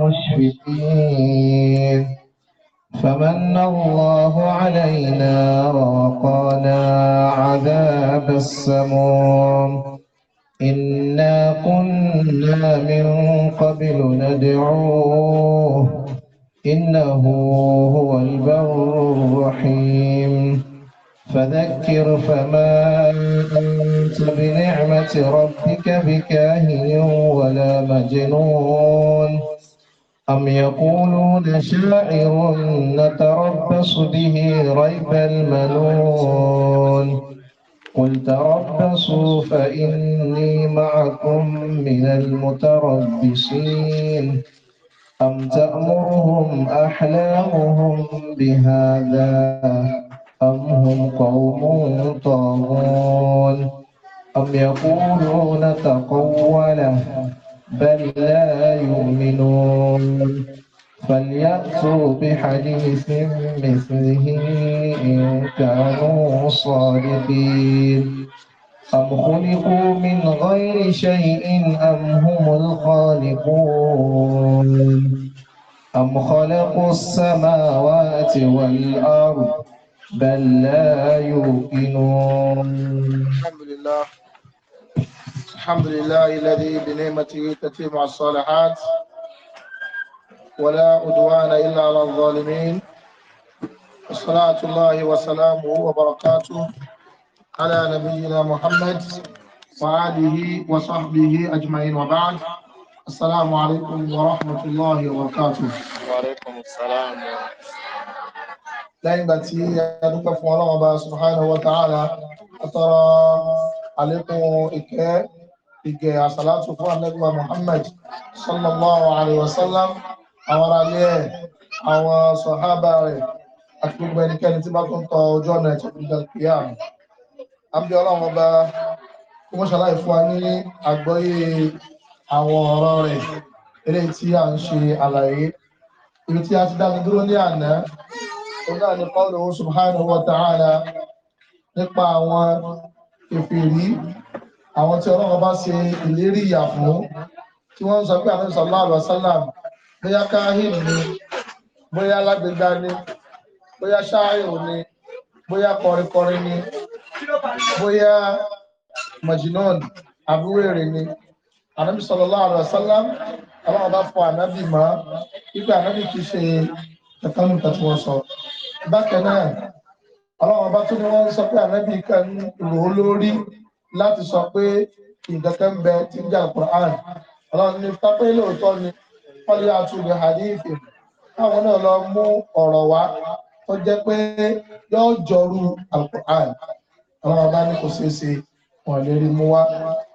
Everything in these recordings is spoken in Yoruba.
مشفقين فمن الله علينا ووقانا عذاب السموم إنا كنا من قبل ندعوه إنه هو البر الرحيم فذكر فما أنت بنعمة ربك بكاهن ولا مجنون أم يقولون شاعر نتربص به ريب المنون قل تربصوا فإني معكم من المتربصين أم تأمرهم أحلامهم بهذا أم هم قوم طاغون أم يقولون تقوله بل لا يؤمنون فليأتوا بحديث مثله إن كانوا صادقين أم خلقوا من غير شيء أم هم الخالقون أم خلقوا السماوات والأرض بل لا يؤمنون الحمد لله الحمد لله الذي بنعمته تتم الصالحات ولا عدوان إلا على الظالمين والصلاة الله وسلامه وبركاته على نبينا محمد وآله وصحبه أجمعين وبعد السلام عليكم ورحمة الله وبركاته وعليكم السلام لأن tí a dúpẹ́ fún ọlọ́run ọba subhanahu wa ìgẹ̀ àsàlátù fún anẹ́gbà Muhammad sallallahu alaihi wasallam àwọn alẹ́ ẹ̀ àwọn sọ̀hábà rẹ̀ àti gbogbo ẹnikẹ́ni tí bá tún tọ ojú ọ̀nà ẹ̀tọ́ ìjọ ìpìyà mi àbí ọlọ́run ọba kí fún wa ní àgbọ́yé àwọn ọ̀rọ̀ rẹ̀ eléyìí tí a ń ṣe àlàyé ibi tí a ti dá mi dúró ní àná òun náà ni qawluhu subhanahu wa ta'ala nípa àwọn ìfèrí àwọn tí ọlọ́run bá ṣe ìlérí ìyà fún tí wọ́n ń sọ pé àwọn ìsọ̀lá àlọ́ sálàm bóyá káhìn ni bóyá alágbègbà ni bóyá ṣááyò ni bóyá kọrinkọrin ni bóyá mọ̀jìnàn àbúrèrè ni ànábì sọlọ́lá àlọ́ sálàm ọlọ́run bá fọ ànábì mọ́ wípé ànábì kì í ṣe kankan nǹkan tí sọ bákan náà ọlọ́run bá tún ní wọ́n ń sọ pé ànábì kan rò ó lórí láti sọ pé ìdẹ́kẹ́ ń bẹ tí ń jà Quran ọlọ́run ní pápẹ́ lóòótọ́ ni wọ́n lé àtúndì hadithi káwọn náà lọ mú ọ̀rọ̀ wá tó jẹ́ pé yóò jọrú Al-Quran àwọn ọba ní kò ṣeé ṣe wọn lè rí mú wá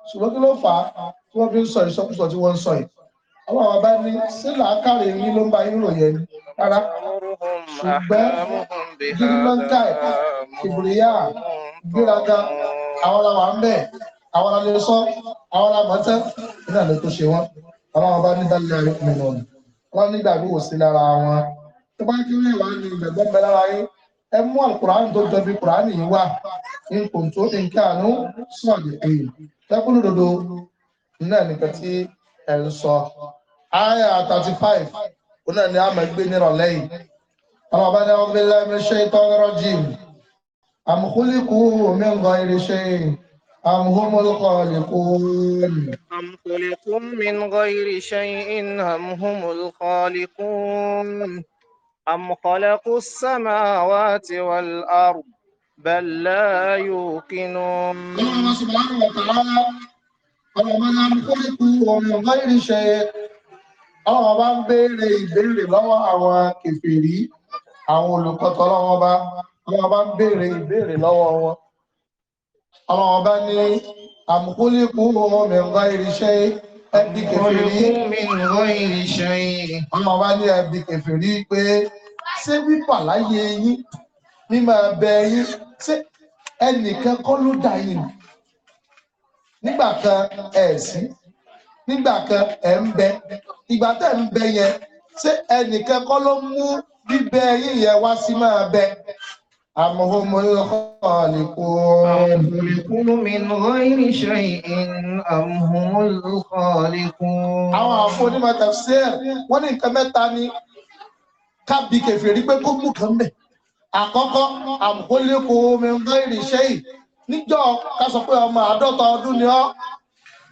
ṣùgbọ́n kí ló fà á tí wọ́n fi ń sọ ìsọkúsọ tí wọ́n ń sọ yìí àwọn ọba ní sílà kárí yín ló ń bá yín ròyìn ẹni rárá ṣùgbọ́n yín lọ́ńtà ìbùrìyà gbéraga àwọn làwà ń bẹ̀ àwọn làlẹ́ sọ àwọn làmọ́ tẹ́ ní àlẹ́ tó ṣe wọ́n àwọn ọba ní dálẹ́ àríkùnrin ọ̀nà wọ́n nígbàgbé wò sí lára wọn tó bá kí wọ́n wà ní ìgbàgbọ́ bẹ lára yín ẹ mú àlùkùránì tó jọbi kùránì yìí wà ipò tó ní kí àánú sọ̀dẹ̀ pé lẹ́kùn lódodo náà nìkan tí ẹ ń sọ àyà thirty five ó náà ní àmọ́ gbé nírọ̀lẹ́yìn àwọn ọba ní ọgbẹ́lẹ́mẹṣẹ́ ìtọ́ rọ́jìmù أم خلقوا من غير شيء أم هم الخالقون أم خلقوا من غير شيء أم هم الخالقون أم خلقوا السماوات والأرض بل لا يوقنون الله سبحانه وتعالى من أم خلقوا من غير شيء ọlọ́wọ́ bá ń béèrè ìbéèrè lọ́wọ́ àwọn kèfèrí àwọn olùkọ́tọ́ lọ́wọ́ bá wọn bá ń béèrè ìbéèrè lọ́wọ́ wọn àwọn ọba ní àmúkúlíkù wọn mẹ́ngá irinṣẹ́ ẹbí kẹfìrí àwọn ọba ní ẹbí kẹfìrí pé ṣé wípà láyé yín mímọ ẹbẹ yín ṣé ẹnìkan kọ́ ló dà yín nígbà kan ẹ̀ sí nígbà kan ẹ̀ ń bẹ ìgbà tẹ̀ ń bẹ yẹn ṣé ẹnìkan kọ́ ló mú bíbẹ yín yẹn wá sí máa bẹ. أم هم الخالقون أم خلقوا من غير شيء أم هم الخالقون àwọn àfọ̀ní ma tafsir wọ́n ní nǹkan mẹ́ta ni kábí kẹfìrí pé kó mú kan bẹ̀ àkọ́kọ́ am khulqu min ghairi shay níjọ́ ká sọ pé ọmọ àádọ́ta ọdún ni ọ́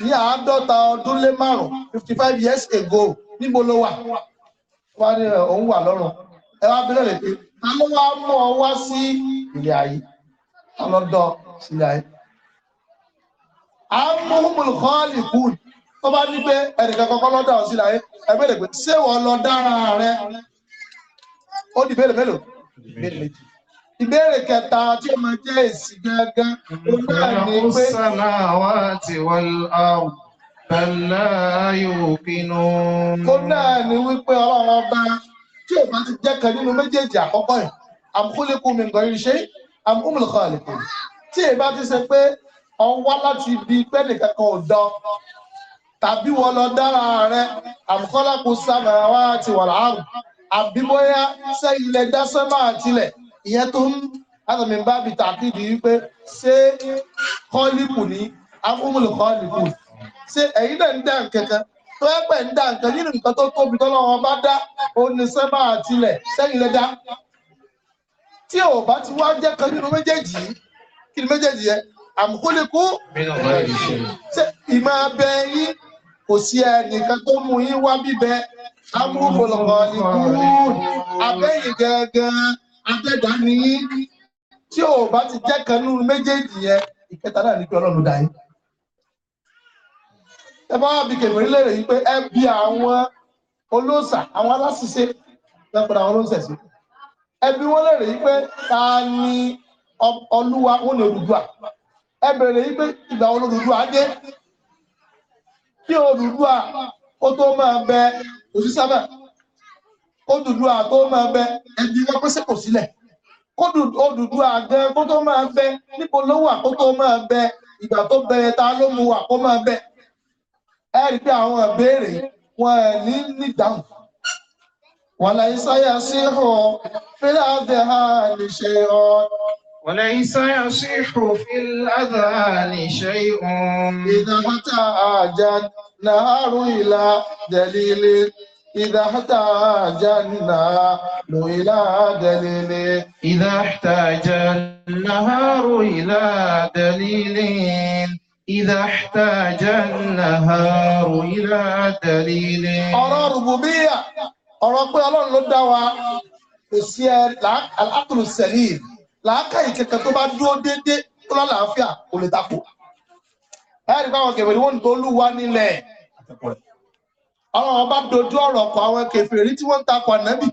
ní àádọ́ta ọdún lé márùn-ún fifty five years ago níbo ló wà wọ́n ní òun wà lọ́rùn ẹ wá bí lọ́lẹ̀ pé àwọn wa mú ọ wá sí ilé ayé ọlọ́dọ̀ sílé ayé àmúhùmùlù kọ́ọ̀lì kùn tó bá ní pé ẹnìkan kọ́kọ́ lọ́dọ̀ sílé ayé ẹgbẹ́rẹ̀ pé ṣé wọ́n lọ dára rẹ ó di bẹ́ẹ̀lẹ̀ mélòó bẹ́ẹ̀lẹ̀ kẹta tí ó máa jẹ́ èsì gangan kó náà ní wípé ọlọ́run bá tí o bá ti jẹ́ kan nínú méjèèjì àkọ́kọ́ yìí àmúkúlẹ́kù mi nǹkan iṣẹ́ àmúkúlẹ́kọ̀ àlẹ́kù tí èyí bá ti ṣe pé ọwọ́ láti ibi pé nìkan kan ò dán tàbí wọ́n lọ dára rẹ àmúkọ́lákù sábàá wá ti wà láàrùn àbí bóyá ṣé ilẹ̀ dáṣẹ́ máa tilẹ̀ ìyẹn tó ń látàmì bá bi tàkìdì wípé ṣé kọ́lípù ní àmúkúlẹ́kọ̀ àlẹ́kù ṣé ẹ̀yin náà ń dá nǹkan kan tó ẹ pẹ̀ ń dá nǹkan nínú nǹkan tó tóbi tọ́lọ́wọ́n bá dá òun ni sẹ́mà àtilẹ̀ sẹ́yìn lẹ́dá tí ò bá ti wá jẹ́ kan nínú méjèèjì yìí kí ni méjèèjì yẹ àmúkólékú ìmọ̀ abẹ yín kò sí ẹnìkan tó mú yín wá bíbẹ amúhùnmọ̀lọ́kọ̀ ni kúrún abẹ́yìn gangan abẹ́dá ni yín tí ò bá ti jẹ́ kan nínú méjèèjì yẹ ìkẹta náà ní pé ọlọ́run dá yín ẹ bá wà bí kèmí lérè yìí pé ẹ bí àwọn olóòsà àwọn aláṣiṣẹ́ lẹ́pẹ̀rẹ̀ àwọn olóòsà sí ẹ bí wọ́n lérè yìí pé ta ni olúwa wọn ni Odùduwà ẹ bèrè yìí pé ìgbà wọn Odùduwà dé kí Odùduwà ó tó máa bẹ òṣìṣẹ́ bẹ́ẹ̀ Odùduwà tó máa bẹ ẹbí wọn pèsè kò sílẹ̀ Odùduwà gan kó tó máa bẹ níbo ló wà kó tó máa bẹ ìgbà tó bẹ ta ló mu wà máa bẹ ẹ rí pé àwọn ìbéèrè wọn ẹ̀ ní nídàáhùn wọn lè sáyà sí ọ fílẹ̀ àdé ha lè ṣe ọ. وليس يصيح في الأذان شيء إذا احتاج النهار إلى دليل إذا احتاج النهار إلى دليل إذا احتاج النهار إلى دليل إذا احتاج النهار إلى دليل ọ̀rọ̀ rùbùbíyà ọ̀rọ̀ pé ọlọ́run ló dá wa kò sí ẹ alákùnrin sẹ́lìm làákàyè kẹ̀kẹ́ tó bá dúró déédéé tó lálàáfíà kò lè takò ẹ̀rí báwọn kẹfẹ́rí wọ́n tó lù wá nílẹ̀ ọ̀rọ̀ ọba dojú ọ̀rọ̀ kọ àwọn kẹfẹ́rí tí wọ́n ń takò ànábì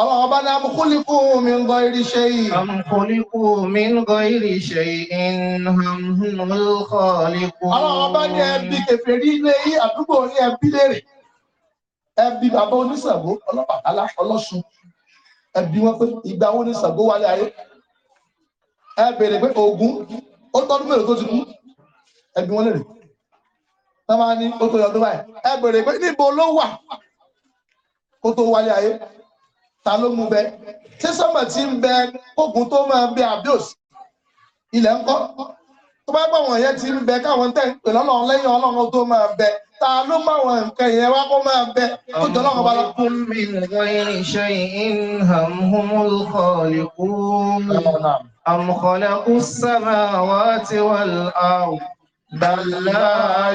Ọlọ́run bá ní amúkúlíkù mi ń gọ irí ṣe yìí. Amúkúlíkù mi ń gọ irí ṣe ìhàmúlùkọ́líkù. Ọlọ́run bá ní ẹbí kẹfẹ́rí ilé yìí àdúgbò ní ẹbí lérè. Ẹbí bàbá oníṣàgbó ọlọ́pàá ọlọ́sùn. Ẹbí wọn pé ìgbà wo ni Ṣàngó wálé ayé? Ẹ bèrè pé Ògún ó tọ́dún mélòó tó ti kú? Ẹbí wọn lérè. Tọ́mọ ní ó tó yọ ọdún báyìí. Ẹ bèrè pé níbo ló wà kó tó wálé ayé? ta ló mú bẹ ṣé sọmọ tí ń bẹ kógun tó máa bẹ àbíòsì ilẹ̀ ń kọ́ tó bá gbọ́ wọ̀nyẹ ti ń bẹ káwọn tẹ̀ ń lẹ́yìn ọlọ́run tó máa bẹ ta ló má wọn nǹkan yẹn wá kó máa bẹ tó jọ lọ́kọ̀ bá lọ. ọkùn mi nǹkan irinṣẹ́ ìhàmúhùmùlù kọ̀ọ̀lì kú àmùkọ̀lẹ́kù sábà wá ti wà láàrú bàlá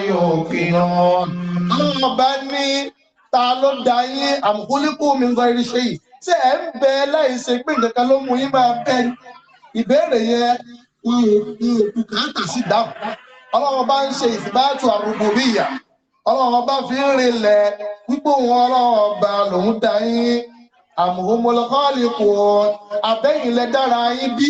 yóò kí wọn. ọlọ́run bá ní ta ló dá yín àmùkúlíkù mi nǹkan irinṣẹ́ yìí tẹ́ ẹ̀ ń bẹ láìsí pé nǹkan ló mú yín máa bẹ ìbéèrè yẹn wọn ò wọn ò bùkátà sí dáhùn ọlọ́wọ́ bá ń ṣe ìsìbáàtù àrùbùbíyà ọlọ́wọ́ bá fi ń rinlẹ̀ wípé òun ọlọ́wọ́ ọba lòún da yín àmùhómọlọ́kọ́ọ̀lì kò abẹ́yìn lẹ dára yín bí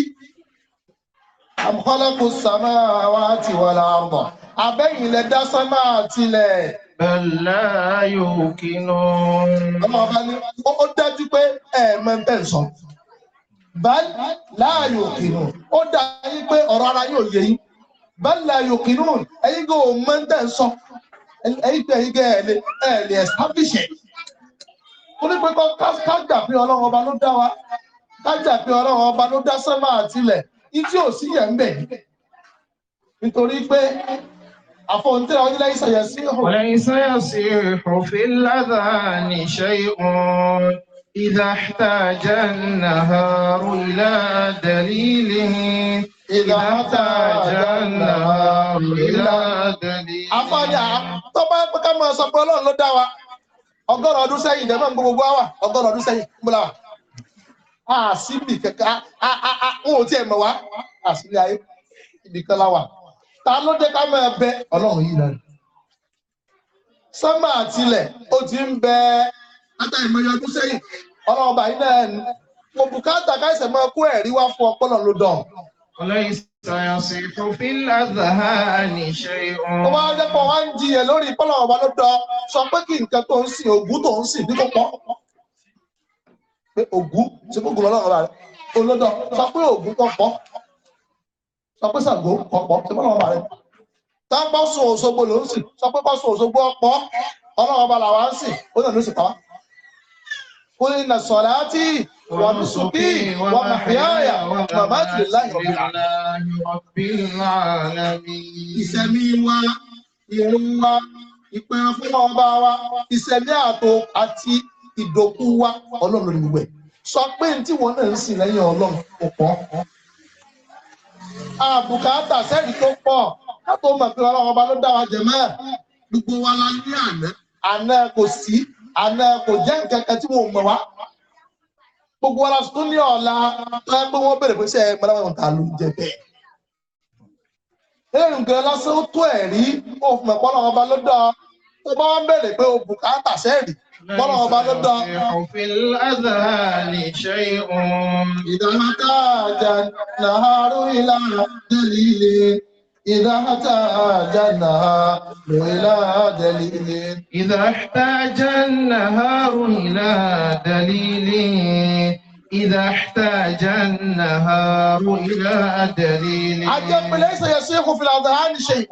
àmùkọ́lẹ́kùn sàmáwá ti wà láàbọ̀ abẹ́yìn lẹ dá sámá tilẹ̀ bẹ̀lẹ́ yóò kínú. ọmọ ọba ni ó dájú pé ẹ̀ẹ̀mọ ń bẹ̀ sọ bẹ́ẹ̀ láàyò kínú ó dájú pé ọ̀rọ̀ ara yóò yẹ yín bẹ́ẹ̀ láàyò kínú ẹ̀yin kò mọ ń sọ ẹ̀yin tẹ̀ ẹ̀yin kẹ́ ẹ̀ lè ẹ̀ lè establish ẹ̀ ó pé ọlọ́run ọba ló dá wa ká gbà pé ọlọ́run ọba ló dá sánmà àtilẹ̀ ní tí ò sí yẹn ń bẹ̀ nítorí pé àfọ̀ǹtẹ́ àwọn ilé ìsàyà sí ìhùn. wọ́n lẹ́yìn sáyà sí ìhùn fi ládà ní ṣe ìhùn ìdá àtàjà nàhàrù ilá dàlílì ìdá àtàjà nàhàrù ilá dàlílì. afáàjà tó bá pẹ́ ká máa sọ pé ọlọ́run ló dá wa ọgọ́rùn ọdún sẹ́yìn ìdẹ́gbẹ́ ń gbogbo wa ọgọ́rùn ọdún sẹ́yìn ń bọ́lá wa àṣìbì kẹ̀kẹ́ àwọn ò tiẹ̀ mọ̀ wá àṣìlẹ̀ ayé ibìkan láwà ta ló dé ká máa bẹ ọlọ́run yìí náà sánmà àtilẹ̀ ó ti ń bẹ látàrí mẹ́yọ ọdún sẹ́yìn ọlọ́run bàyí náà ni mo bùkátà káìsẹ̀ máa kó ẹ̀rí wá fún ọpọlọ ló dán. ọlọ́yin sàyànsì fòfin àzàhà ní ṣe òun. ó máa ń dẹ́pọ̀ wá ń jiyàn lórí ìpọ́lọ̀ ọba ló dán sọ pé kí nǹkan tó ń sìn ògún tó ń sìn ní kò pọ̀ pé ògún ṣe kó gùn lọ́wọ́ rẹ̀ olódọ̀ sọ pé ògún tó pọ̀ sọ pé Ṣàngó ọ̀pọ̀ ṣe bọ́ lọ́wọ́ rẹ̀ tápọ́ sùn Òṣogbo ló ń sìn sọ pé pọ́ sùn Òṣogbo ọ̀pọ̀ ọlọ́wọ́ bá làwa ń sìn ó náà ló sì pa wá. قل إن صلاتي ونسكي ومحياي ومماتي لله رب العالمين ìṣẹ̀mí wa ìrun wa ìpẹ̀rẹ̀ fún ọba wa ìṣẹ̀mí àtò àti ìdòkú wa ọlọ́run ní gbogbo ẹ̀ sọ pé tí wọ́n náà ń sìn lẹ́yìn ọlọ́run kò àbùkátà sẹ́ẹ̀dì tó pọ̀ látò mọ̀ pé ọlọ́run ọba ló dá wa jẹ mẹ́ẹ̀ gbogbo wa la ní àná àná kò sí àná kò jẹ́ nǹkan kan tí mo mọ̀ wá gbogbo wa la tún ní ọ̀la tó yẹ pé wọ́n bèrè pé ṣe é gbọ́dọ̀ wọn ta ló ń jẹ bẹ́ẹ̀. eré nǹkan lásán ó tó ẹ̀rí òfin ẹ̀kọ́ ọlọ́run ọba ló dá ọ tó wọn bèrè pé òbùkátà sẹ́ẹ̀dì ضرب الدار في الأذهان شيء إذا احتاج النهار إلى دليل إذا احتاج النهار إلى دليل إذا احتاج النهار إلى دليل إذا احتاج النهار إلى دليل عجب ليس يصيح في الأذهان شيء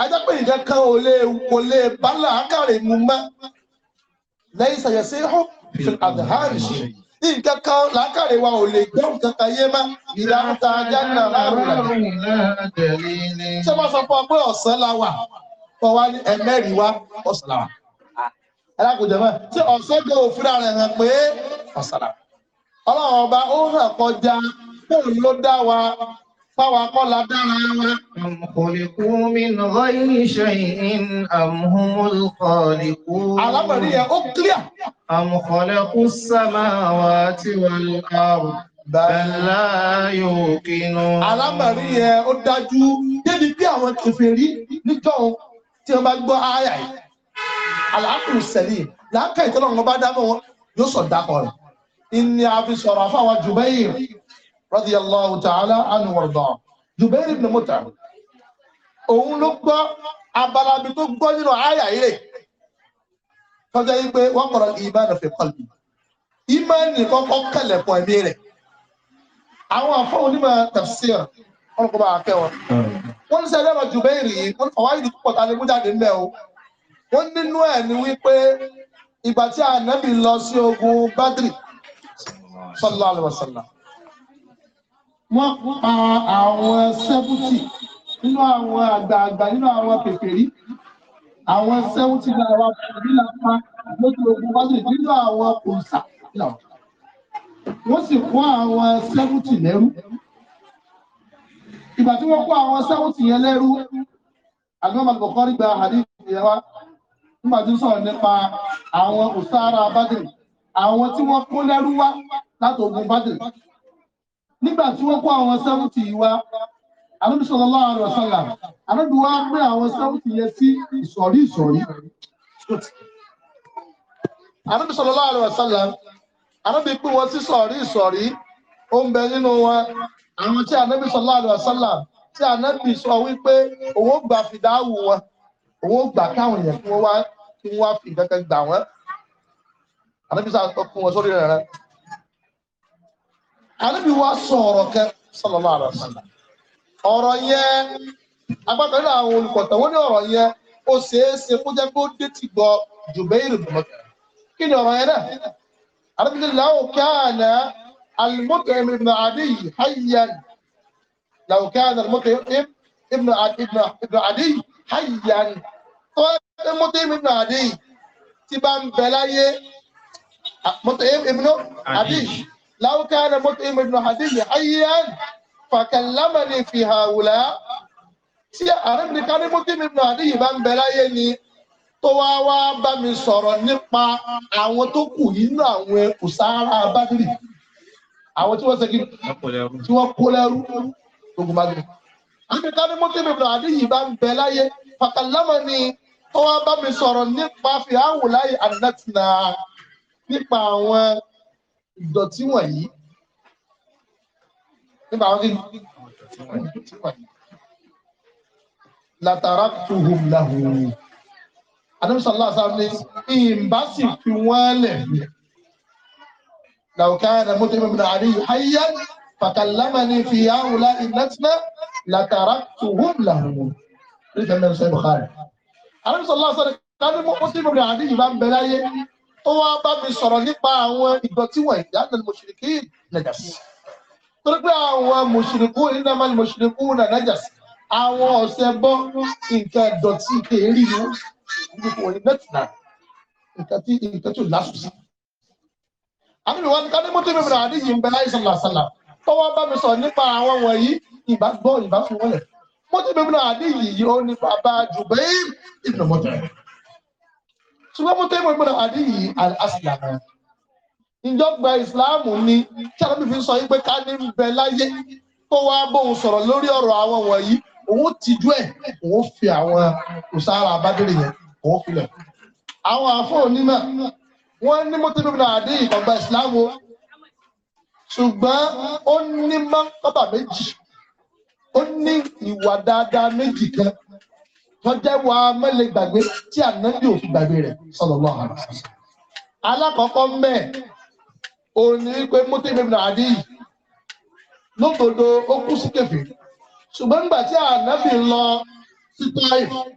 عجب إذا كان ولي ولي بلع ممّا lẹ́yìn ṣàyẹ̀sí hó àdáhàrì ṣe nǹkan kan làákàrẹ̀ wa ò lè gbọ́ nǹkan kan yé má ìlànà ta jáde láàrúdà ṣé wọ́n sọ fún ọ pé ọ̀sán la wà fọ wá ní ẹ̀mẹ́rin wá ọ̀sán la wà alákòjọ mọ́ ṣé ọ̀sán jẹ́ òfin ara rẹ̀ pé ọ̀sán la ọlọ́run ọba ó hàn kọjá bóun ló dá wa Fáwa kọ́lá dára wa. Àmùkọ̀lẹ̀kú mi nàá iṣẹ́ ìhìn àmúhùnmọ́lùkọ̀lẹ̀kú. Àlábàrí yẹn ó kílíà. Àmùkọ̀lẹ̀kú sámà wà tí wọ́n lọ kárù. Bàlá yóò kinu. Àlábàrí yẹn ó dájú débi bí àwọn kèfèrí níjọ́ tí wọ́n bá gbọ́ ááyà yìí. Àlàáfíà sẹ̀lì làákà ìtọ́lọ́run bá dá wọn yóò sọ dákọ̀ rẹ̀. Ìní àfisọ̀rọ̀ àfáwọn Jùbẹ́yìn radiyallahu ta'ala anhu warda Jubair ibn Mut'im òun ló gbọ́ abalabi tó gbọ́ nínú àyà ilé tọ́jà yìí pé wọ́n kọ̀rọ̀ ìmánu fi qalbi ìmánu kọ́kọ́ kẹlẹ̀ pọ̀ ẹ̀mí rẹ̀ àwọn àfọ́ onímọ̀ tafsir ọlọ́kọ̀ bá fẹ́ wọn wọ́n ń sẹ́lẹ̀ lọ Jubair yìí wọ́n fọwọ́ ìdí púpọ̀ ta lè mú jáde ńbẹ́ o wọ́n nínú ẹ̀ ni wípé ìgbà tí ànábì lọ sí ogun Badri sallallahu alaihi wasallam wọ́n pa àwọn sẹ́fútì nínú àwọn àgbààgbà nínú àwọn pèpèrí àwọn sẹ́fútì náà wà pẹ̀lú lápá lójú ogun wájú nínú àwọn òòsà wọ́n sì kó àwọn sẹ́fútì lẹ́rú ìgbà tí wọ́n kó àwọn sẹ́wọ́tì yẹn lẹ́rú alimọ́mọ́ Bukhari gba hadith yẹn wá nígbà tí ó sọ̀rọ̀ nípa àwọn òsára Badr àwọn tí wọ́n kó lẹ́rú wá láti ogun nígbà tí wọ́n kó àwọn sẹ́wùtì yìí wá ànábì sallallahu alaihi wasallam ànábì wá gbé àwọn sẹ́wùtì yẹn sí ìsọ̀rí ìsọ̀rí. ànábì sallallahu alaihi wasallam ànábì pín wọn sí sọ̀rí ìsọ̀rí ó ń bẹ nínú wọn àwọn tí ànábì sallallahu alaihi wasallam tí ànábì sọ wípé òun ó gbà fìdáwù wọn òun gbà káwọn yẹn kí wọ́n wá fi nǹkan gbà wọ́n ànábì fún wọn sórí rẹ̀ rẹ̀ ànábì wa sọ ọ̀rọ̀ kẹ sọlọ́lá àrà sàlà ọ̀rọ̀ yẹ agbábẹ́ náà àwọn olùkọ̀tàn wọ́n ní ọ̀rọ̀ yẹ ó ṣeé ṣe kó jẹ́ pé ó dé ti gbọ́ Jubair ibn Mut'im kí ni ọ̀rọ̀ yẹn náà ànábì ní law kana al-Mut'im ibn Adiy hayyan law kana al-Mut'im ibn Adiy hayyan tó ẹ Mut'im ibn Adiy tí bá ń bẹ láyé Mut'im ibn Adiy. لو كان مطعم بن حدي حيا فكلمني في هؤلاء tí àrẹ́bìnrin ká ní mọ́tí mi náà níyìí bá ń bẹ láyé ni tó wá wá bá mi sọ̀rọ̀ nípa àwọn tó kù nínú àwọn kùsára bádìrì àwọn tí wọ́n ṣe kí tí wọ́n kó lẹ́rú lógun bádìrì. àrẹ́bìnrin ká ní mọ́tí mi náà níyìí bá ń bẹ láyé fàkàlámọ̀ ni tó wá bá mi sọ̀rọ̀ nípa fi áwùláyé nípa àwọn ìdọ̀tí wọ̀nyí nípa àwọn kíni ìdọ̀tí wọ̀nyí látara tuhum lahum adamsalaam sáfì ìmbá sì fi wọ́n lẹ̀ làwùkáyà mọ́tò ìmọ̀ náà àdéhùn ayé fàkàlámàní fi àwùlá ìlẹ́tìnà látara tuhum lahum ní ìfẹ́ mẹ́rin sọ́yìn bukari adamsalaam sáfì kánú mọ́tò ìmọ̀ náà àdéhùn bá ń bẹ̀rẹ̀ ayé ó wá bá mi sọ̀rọ̀ nípa àwọn ìdọ̀tí wọ̀nyí dáná mùṣìríkí nàjàsí torí pé àwọn mùṣìríkú iná máa ń mùṣìríkú nà nàjàsí àwọn ọ̀sẹ̀ bọ́ nǹkan ìdọ̀tí kèérí ni wọ́n ní nẹ́tìnà nǹkan tí nǹkan tí ò lásùn sí. àbúrò wa ní ká ní mọ́tò mi rà ní ń bẹ láìsàn làṣàlà tó wá bá mi sọ̀rọ̀ nípa àwọn wọ̀nyí ìbá gbọ́ ìbá fi wọ́lẹ̀ mọ́tò mi rà ní yìí ó ní bàbá jùbẹ́ ìbùnà mọ́tò rẹ̀ ṣùgbọ́n mo tẹ́ ìmọ̀ ìgbọ́dọ̀ àdí yìí àṣìlá náà ìsìláàmù ni tí alábì fi sọ yìí pé ká ní bẹ láyé tó wá bóun sọ̀rọ̀ lórí ọ̀rọ̀ àwọn wọ̀nyí òun tìjú ẹ̀ òun fi àwọn òsára abádìrì yẹn òun filẹ̀ àwọn àfọ̀ onímọ̀ wọ́n ní mo tẹ́ ìmọ̀ àdí ìjọba ìsìláàmù ṣùgbọ́n ó ní mọ́kàbà méjì ó ní ìwà dáadáa méjì kan tọ́jẹ́ wa mẹ́lẹ̀ gbàgbé tí ànábì òfin gbàgbé rẹ̀ sọ̀rọ̀ lọ́wọ́ alákọ̀ọ́kọ́ mẹ́ òun ni wípé mọ́tò ìbẹ̀rẹ̀ àdí lódodo ó kú sí kẹfì ṣùgbọ́n nígbà tí ànábì lọ sí tọ́yì láti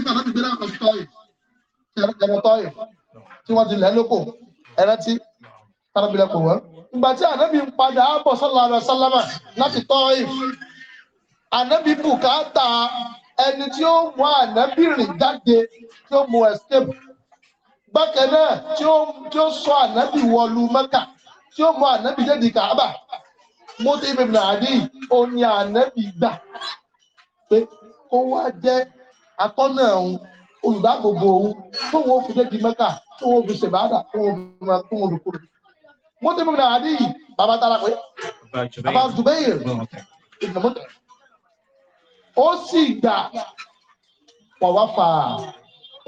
fún ànábì gbéra kan sí tọ́yì ẹ̀rọ tọ́yì tí wọ́n ti lẹ́ lóko ẹ̀rọ tí tábìlì ẹ̀kọ́ wọ́n ìgbà tí ànábì ń padà bọ̀ sallallahu alaihi wasallam láti tọ́yì ànábì bùkátà ẹni tí ó mú ànábìrìn jáde tí ó mú escape bákan náà tí ó sọ ànábì wọlú mẹ́kà tí ó mú ànábì jáde kàábà mo ti bèbè nàádì ó ní ànábì gbà pé kó wá jẹ́ atọ́nà òun olùdáàbòbò òun tó wọ́n fi dé di mẹ́kà tó wọ́n fi ṣèbáàdà tó wọ́n fi máa tó wọ́n lò kúrò. mo ti bèbè nàádì bàbá tara pé bàbá Zubair ìdùnnú mọ́tò ó sì gbà pọ̀wáfà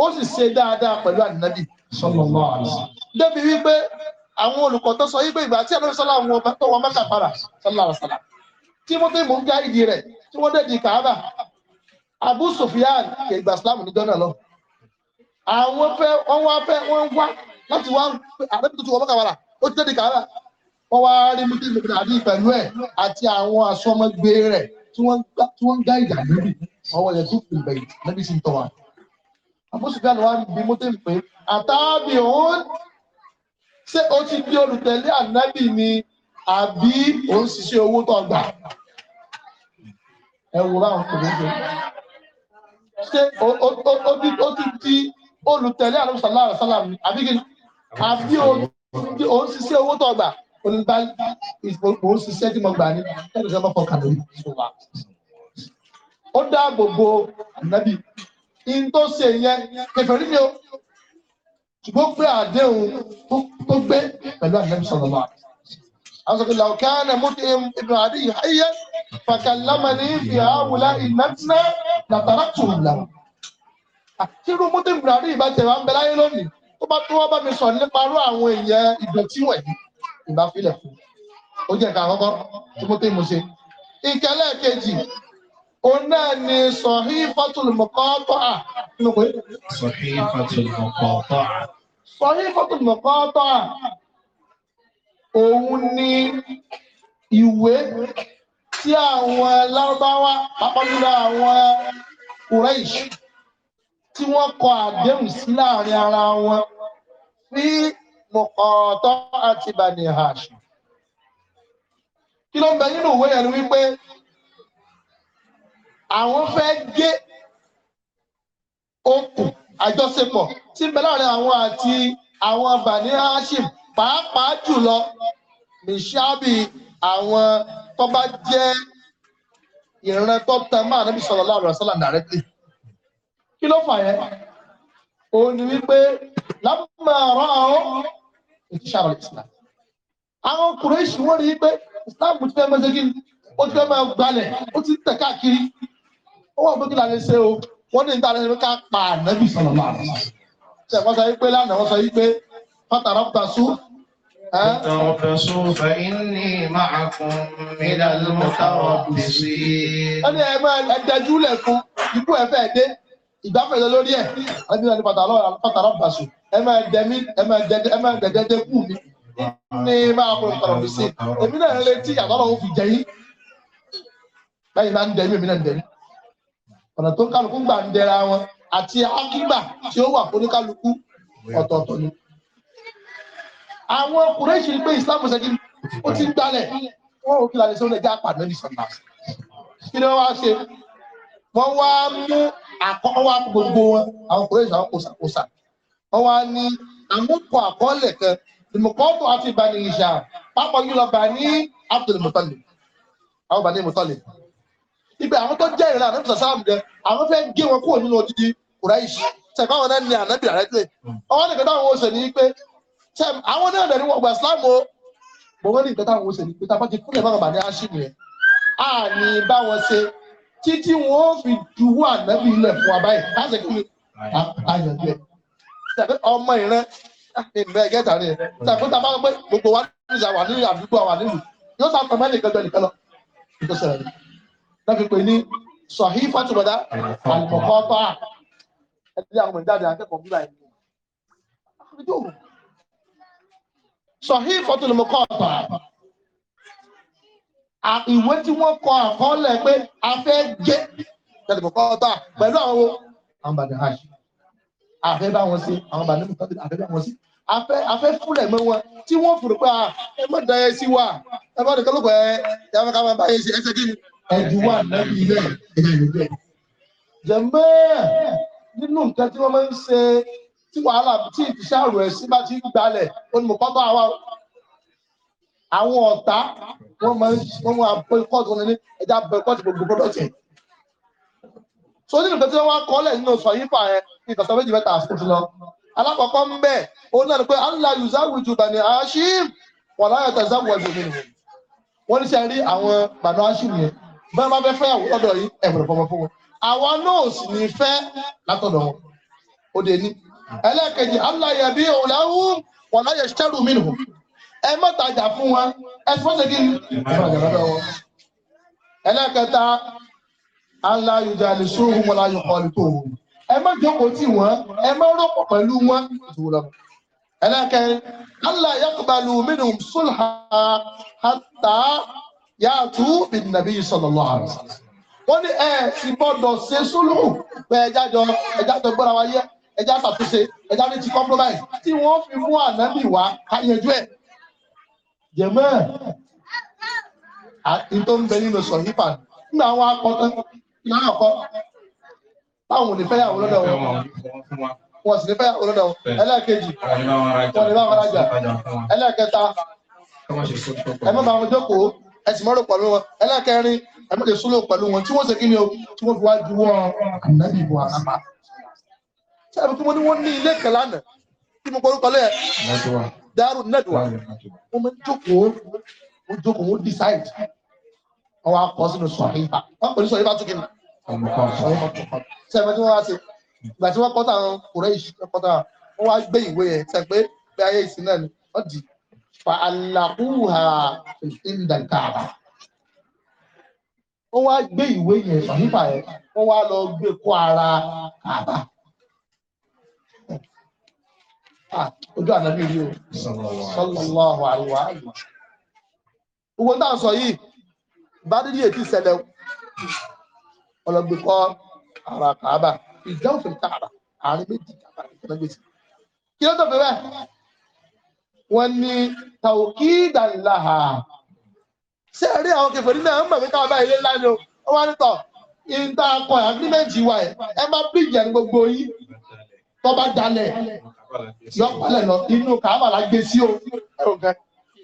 ó sì ṣe dáadáa pẹ̀lú ànábì sallallahu alaihi wasallam. débi wípé àwọn olùkọ́ tó sọ wípé ìgbà tí ànábì sọ́lá àwọn ọmọ tó wọn mẹ́ta para sallallahu alaihi tí wọ́n tẹ́ mò ń gá ìdí rẹ̀ tí wọ́n dẹ̀dì kàábà Abu Sufyan kì í gba Islam níjọ́ náà lọ. àwọn fẹ́ wọ́n wá fẹ́ wọ́n wá láti wá ànábì tó ti wọ́n mẹ́ta para ó ti dẹ̀dì kàábà wọ́n wá rí mú tí wọ́n ń gá ìjà níbi ọwọ́ yẹn tó fi bẹ̀yì níbi sì ń tọ́ wa. àbúṣùgbọ́n wa bí mo ti ń pè é àtàbí òun ṣé o ti di olùtẹ̀lé ànábì ni àbí òun ṣiṣẹ́ owó tó gbà. ẹ wò láwọn kò ṣe. ṣé o ti di olùtẹ̀lé ànábì sàlámù sàlámù àbí kí ni àbí òun ṣiṣẹ́ owó tó gbà ní báyìí ìfowópamọ́ ṣiṣẹ́ tí mo gbà ní ẹ̀rọ ìṣẹ́ mọ́kàn kàdé ìṣòwò wa. ó dáàbò bo ànábì in tó ṣe yẹn kẹfẹ́ rí mi o ṣùgbọ́n pé àdéhùn tó gbé pẹ̀lú ànábì sọ̀rọ̀ wa. àwọn sọ̀rọ̀ làwọn kí á nà mú ibn adi yìí làtàrà tùrù làwọn. àkírú mú ibn adi yìí ń bẹ láyé lónìí tó bá tó wá bá mi sọ nípa irú àwọn èèyàn ìdọ̀tí wọ̀nyí ìbá filẹ̀ fún ó jẹ́ ká àkọ́kọ́ tí mo tẹ́ mo ṣe. ìkẹlẹ́ kejì òun náà ni Sahifatul Muqata'a nínú pé. Sahifatul Muqata'a. Sahifatul Muqata'a òun ni ìwé tí àwọn lárúbáwá pápájúlá àwọn Quraysh tí wọ́n kọ àdéhùn sí láàrin ara wọn fi muqata'ati bani Hashim kí ló ń bẹ nínú ìwé yẹn ni wípé àwọn fẹ́ gé okùn àjọṣepọ̀ tí ń bẹ láàrin àwọn àti àwọn bani Hashim pàápàá jùlọ nìṣábì àwọn tó bá jẹ́ ìran tó tan máa níbi sallallahu alaihi wasallam directly kí ló fà yẹn òun wípé lámàrán ìṣàrọ̀ islam àwọn kùrẹ́ṣì wọ́n rí pé islam ti fẹ́ mọ́ ṣe kí ó ti fẹ́ máa gbalẹ̀ ó ti tẹ̀ káàkiri ó wà fún kí lálẹ́ ṣe o wọ́n ní ìta rẹ̀ ká pa ànábì sọ̀rọ̀ máa rọ̀ ṣe wọ́n sọ yí pé lánàá wọ́n sọ ìgbàfẹ̀lẹ̀ lórí ẹ̀ àbí wọn ni pàtàkì alábàṣọ ẹ máa jẹ mí ẹ máa jẹ ẹ máa jẹ jẹ kú mi ní máa kọ ìtọ̀rọ̀ mi sí èmi náà lè tí àtọ́nà òun fi jẹ yín lẹ́yìn náà ń dẹ mí èmi náà ń dẹ mí ọ̀nà tó ń kálukú gbà ń dẹra wọn àti akígbà tí ó wà fún ọ̀tọ̀ọ̀tọ̀ ni àwọn ọkùnrin ṣe Islam ṣẹ́gi ó ti ń gbalẹ̀ wọ́n ò kí lálẹ́ sọ́nà ẹja pàdánù ìsọ̀nà kí ni wọ́n wá àkọ́wà gbogbo wọn àwọn kòrèjì àwọn kòsàkòsà wọ́n wá ní àmúkọ àkọọ́lẹ̀ kan ìmọ̀kọ́tò àti ìbàní ìṣà pápọ̀ yìí lọ́ba ní Abdul àwọn Bani Muttalib ibẹ̀ àwọn tó jẹ́ ìrìnà àdébùsà sáàmù jẹ àwọn fẹ́ gé wọn kúrò nínú odidi Quraish sẹ̀káwọn náà ní ànábì rẹ̀ tẹ̀ ọwọ́ nìkan táwọn oṣù ní pé àwọn náà dẹ̀ ní wọ́n gba Islam o bọ̀ wọ́n ní ìgbẹ́ táwọn oṣù ní pé tá a bá ti títí wọn ó fi juwọ́ ànábì ilẹ̀ fún wa báyìí láti kí ni àyànjẹ ọmọ ìran ìgbẹ́ ẹ̀gẹ́ta rẹ̀ ṣàkóso tá a bá ń pẹ́ gbogbo wa nígbà wà nínú àdúgbò wà nínú yóò sá pẹ̀lú ẹnì kẹjọ nìkan lọ ètò sẹ̀rẹ̀ rẹ̀ láti pè ní sọ̀hí fàtúbọ̀dá àlùkọ̀kọ́ tó à ẹ̀dí àwọn ìjáde akẹ́kọ̀ọ́ bí báyìí sọ̀hí fàtúbọ̀dá ìwé tí wọ́n kọ àkọọ́lẹ̀ pé a fẹ́ jẹ́ tẹlifọ̀kọ́ta pẹ̀lú àwọn àwọn bàdé hajj àfẹ́ bá wọn sí àwọn bàdé mùtọ́bí àfẹ́ bá wọn sí afẹ́ fúnlẹ̀ mọ́ wọn tí wọ́n fòrò pé ẹ mọ́ da ẹ sí wa ẹ bá nìkan lóko ẹ ẹ fẹ́ ká máa bá yẹn ṣe ẹsẹ̀ kí ni ẹ̀jú wà lẹ́bi ilẹ̀ ẹ̀yà ìlú ẹ̀. jẹ̀mbẹ́ nínú nǹkan tí wọ́n máa ń ṣe tí wàhálà tí ìtìṣàrò ẹ̀sìn bá ti ń gbalẹ̀ ó ní mo kọ́ bá wa àwọn ọ̀tá wọ́n máa ń wọ́n máa bọ́ kọ́ọ̀tù wọn ní ẹja bọ́ kọ́ọ̀tù gbogbo pọ́dọ̀tì so nínú ìgbésí wọn kọ́lẹ̀ nínú sọ yìí fà yẹn ní ìkàsọ méjì mẹ́ta àsìkò lọ alákọ̀ọ́kọ́ ń bẹ̀ ó náà pé allah yuza wuju bani hashim wọn láyọ̀ tẹ̀ zá wọ̀jú mi nìyẹn wọ́n ní sẹ́ rí àwọn bani hashim yẹn bẹ́ẹ̀ máa fẹ́ fẹ́ àwọn ọ̀dọ̀ yìí ẹ̀wọ̀n fọmọ fún wọn àwa náà sì ní fẹ́ látọ̀dọ̀ wọn ó dé ní ẹlẹ́ẹ̀kejì allah yabi òun láwù ẹ má tajà fún wọn ẹ sì fọ́sẹ̀ kí ẹlẹ́kẹta aláyọjọ àlùsù wọn láyọ kọlu tó wọn ẹ má jókòó tì wọn ẹ má rọpò pẹ̀lú wọn jùlọ ẹlẹ́kẹrin aláyọkọbalù mínú sùlhà hàtà yàtú bìnnàbí sọlọlọ àrùn wọ́n ní ẹ ti gbọ́dọ̀ ṣe sùlù pé ẹjá jọ ẹjá jọ gbọ́ra wáyé ẹjá ṣàtúnṣe ẹjá ní ti compromise tí wọ́n fi mú ànábì wá ká yẹjú ẹ̀ jẹ̀mọ́ ẹ̀ tó ń bẹ nínú sọ hípa nígbà àwọn akọ́tán náà kọ́ táwọn ò ní fẹ́ yàwó lọ́dọ̀ wọn wọ́n sì ní fẹ́ yàwó lọ́dọ̀ wọn ẹlẹ́ẹ̀kejì wọ́n ní bá wọn ẹlẹ́ẹ̀kẹta ẹ bá wọn jókòó ẹ sì pẹ̀lú wọn ẹlẹ́ẹ̀kẹrin ẹ lè súnlò pẹ̀lú wọn tí wọ́n ṣe kí ni o tí wọ́n fi wá ju wọn ànábì ìbò àlámà ṣé àbí kí wọ́n ní wọ́n ní ilé kẹlánà tí mo kọ́ orúkọ lẹ́yẹ dárò nẹ́dùwà wọ́n máa ń jókòó wọ́n jókòó wọ́n decide wọ́n wá kọ́ sínú sọ̀hífà wọ́n pè ní sọ̀hífà tó kìnnà sọ̀hífà tó kọ́ sẹ́yìn tí wọ́n wá sí ìgbà tí wọ́n kọ́ táwọn kùrẹ́ ìṣẹ́kọ́tà wọ́n wá gbé ìwé yẹn sẹ́ pé pé ayé ìsìn náà ni wọ́n dì fa aláhùhà ìdàkàrà wọ́n wá gbé ìwé yẹn sọ̀hífà yẹn wọ́n wá lọ gbé kó ara kàbà ojú ànábì rí o sallallahu alaihi wa sallam gbogbo tá à ń sọ yìí bá dídí ètí ìṣẹ̀lẹ̀ ọlọgbẹkọ ara kàába ìjà òfin tààrà àárín méjì kàába ìfẹlẹgbèsì kí ló tó fi bẹ́ẹ̀ wọ́n ní tàòkìdà láha ṣé rí àwọn kẹfẹrí náà ń bẹ̀rẹ̀ káàbá ilé ńlá ni ó wọ́n wá nítọ̀ ìta akọ agreement wa ẹ má bíjì gbogbo yìí tó bá jalẹ̀ yọ palẹ̀ lọ inú kàábà la gbé sí o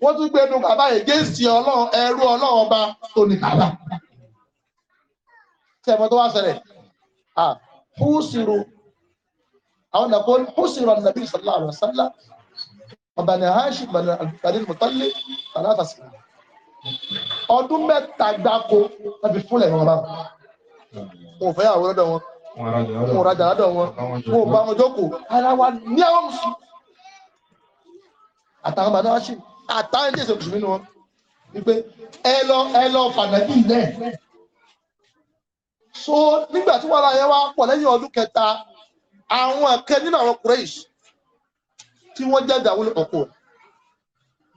wọ́n tún gbé inú kàábà yẹn gẹ́sì ọlọ́run ẹrú ọlọ́run ọba tó ní kàábà tí ẹ̀mọ́ tó wá ṣẹlẹ̀ húsìrò àwọn nàkó húsìrò ànàbí sallallahu alaihi wasallam ọ̀bàní hashim bani mutali talata sí ọdún mẹ́ta gbáko láti fúnlẹ̀ wọn bá àwọn ọ̀dọ̀ wọn wọn rajà ládọ̀ wọn wọn ò bá wọn jókòó ara wa ní àwọn mùsùlùmí àtàwọn bàbá wa ṣe àtàwọn ilé ìṣègùn mìíràn wọn wípé ẹ lọ ẹ lọ fàdàbí ilẹ̀ so nígbà tí wàhálà yẹn wá pọ̀ lẹ́yìn ọdún kẹta àwọn ẹ̀kẹ́ nínú àwọn kúrẹ́ìsì tí wọ́n jẹ́ dàwúl ọ̀pọ̀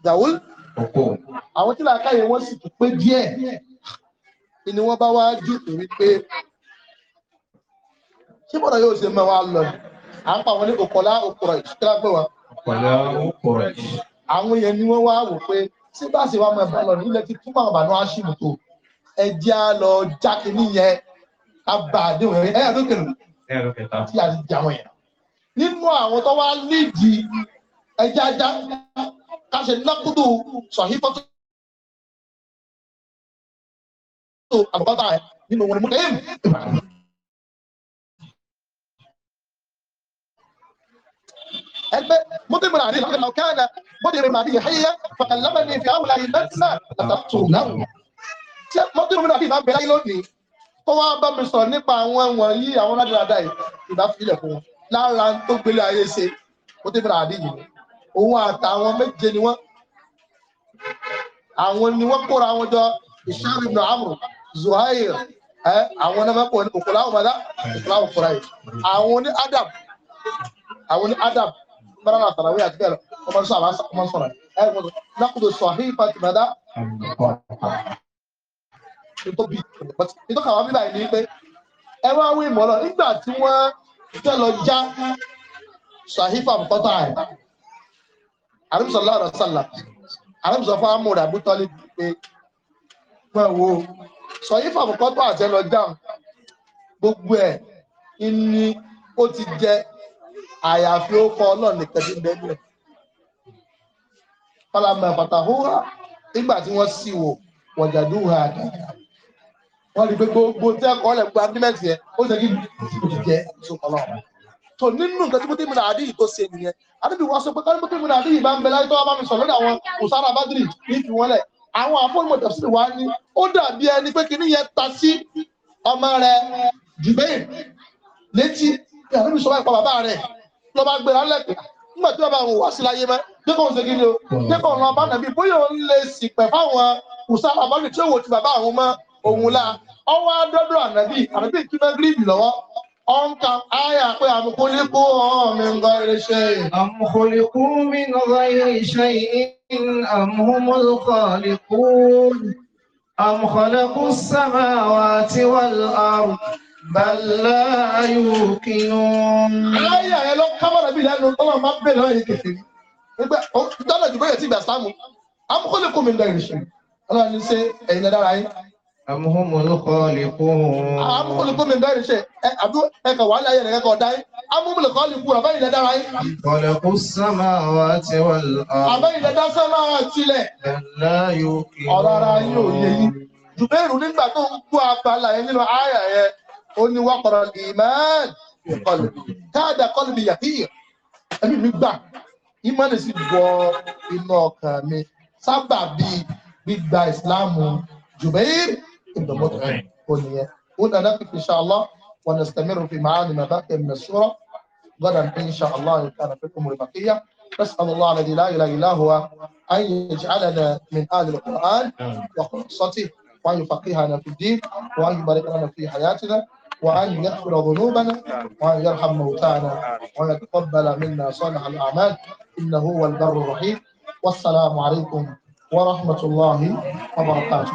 dàwúl ọ̀pọ̀ àwọn tí làákàyè wọn sì tún pé díẹ̀ ni wọ́n bá wá jù wípé tí bọ̀dọ̀ yóò ṣe mẹ́wàá lọ à ń pa wọn ní òkọ̀lá òkọ̀rọ̀ ìṣẹ́lágbẹ̀ wa. òkọ̀lá òkọ̀rọ̀ ìṣẹ́. àwọn yẹn ni wọ́n wá wò pé tí bá sì wá mọ ẹ̀bá lọ nílẹ̀ ti túmọ̀ àbànú aṣíìmù tó ẹjẹ́ á lọ jáde níyẹn abàdéhùn ẹ̀yà lókè lò tí a ti jà wọ́n yẹn. nínú àwọn tó wá lídìí ẹjẹ́ ajá káṣe nákúdù sọ̀hípọ́tò àbúkọ́tà nínú wọn ni mo ẹgbẹ́ mọ́tẹ́mù àdé lọ́kẹ́ lọ́kẹ́ àná mọ́tẹ́mù àdé yẹ̀hẹ́yẹ́ fàkàlámà ní ìfẹ́ àwọn àyè náà látàtò náà. ṣé mọ́tẹ́mù àdé ìbá bẹ̀rẹ̀ lónìí kó wá bá mi sọ̀rọ̀ nípa àwọn ẹ̀wọ̀n yìí àwọn ládàáda yìí ìbá fi ilẹ̀ fún wọn lára tó gbélé ayé ṣe mọ́tẹ́mù àdé yìí òun àtàwọn méje ni wọ́n àwọn ni wọ́n kóra wọn jọ ìṣàrù ibn amr zuhair àwọn náà mẹ́kọ̀ọ́ ní kòkòrò àwọn ọmọdé kòkòrò àwọn kòkòrò yìí àwọn ní adam àwọn ní adam mẹ́rànlá àtàràwé àti bẹ́ẹ̀ lọ ọmọ sọ àbá ọmọ sọ̀rọ̀ ẹ̀ wọ́n lákòdò sọ àhí pàtì bàdá. ìtọ́ka wa bíbá yìí ni pé ẹ wá wí ìmọ̀ lọ nígbà tí wọ́n fẹ́ lọ já sàhífà mọ́tà ẹ̀ àrùsọ̀ lọ́rọ̀ sàlà àrùsọ̀ fún amúra àbútọ́lé pé pẹ́ wo sàhífà mọ́tà àti ẹ lọ já gbogbo ẹ̀ ni ó ti jẹ àyàfi ó kọ ọlọ́run nìkan tí ń bẹ nílẹ̀ pálámà pàtàkùnrà nígbà tí wọ́n sì wò wọ̀jàdú ha àdàkà wọ́n rí pé gbogbo tí ẹ̀kọ́ ọ̀lẹ̀ gbogbo agímẹ̀tì ẹ̀ ó ṣe kí ìdìbò jẹ́ ìṣòkò ọlọ́run tó nínú nǹkan tí mo tẹ́mi náà àdéhìí tó ṣe nìyẹn àdéhìí wọ́n sọ pé káwọn tẹ́mi náà àdéhìí bá ń bẹ láyé tó wá bá mi sọ lórí àwọn òsára bádìrì ní ìfìwọ́lẹ̀ àwọn àfọ́nmọ̀ tẹ̀sílẹ̀ wá ní ó dàbí ẹni pé kìíní yẹn ta sí ọmọ rẹ̀ jùbẹ́ẹ̀ létí àdéhìí sọ bá ìpa bàbá rẹ̀ lọ bá gbéra lẹ́pẹ̀ nígbà tí wọ́n bá wò wá sí láyé mẹ́ jẹ́kọ̀ ń segin ni o jẹ́kọ̀ ń lọ bá nàbí bóyá òun lè sì pẹ̀ fáwọn kùsà àbọ̀dì tí ó wò ti bàbá àwọn mọ́ òun la ọwọ́ adọ́dọ̀ ànàbí ànàbí ìtúná gírìbì lọ́wọ́ ọ̀nkà ayà pé àmukúlíkú ọ̀mí ń gọ iléeṣẹ́ yìí. àmukúlíkú mi ń gọ iléeṣẹ́ yìí àmúhùmùlùkọ̀ọ̀lìkú àmukọ̀lẹ́kù sámáwá tí wọ́n lọ́rùn. Bàlá yóò kí wọn. Láyà ẹ lọ kábàlà bí lẹ́nu tọ́lá máa bẹ̀rẹ̀ láyé kékeré. Nígbà tọ́lá ìdúgbò yẹn ti gbà sáàmù. Amúkọ́ lè kó mi lọ ìrìnsẹ̀. Ọlọ́run ní Ọ̀rọ̀ ara yín yẹ yín. Jùbẹ́rù nígbà tó ń kú abala yẹn nínú àyà yẹn. قلني وقر الايمان في قلبي هذا قلبي يفير امي مبا ايمان سي انو سبب بي بيد اسلام جبير ابن مطعم قلني قلنا نقف ان شاء الله ونستمر في معاني ما بقي من السوره غدا ان شاء الله كان فيكم البقيه نسال الله الذي لا اله الا هو ان يجعلنا من اهل القران وخلصته وان يفقهنا في الدين وان يبارك لنا في حياتنا وأن يغفر ذنوبنا وأن يرحم موتانا وأن يتقبل منا صالح الأعمال إنه هو البر الرحيم والسلام عليكم ورحمة الله وبركاته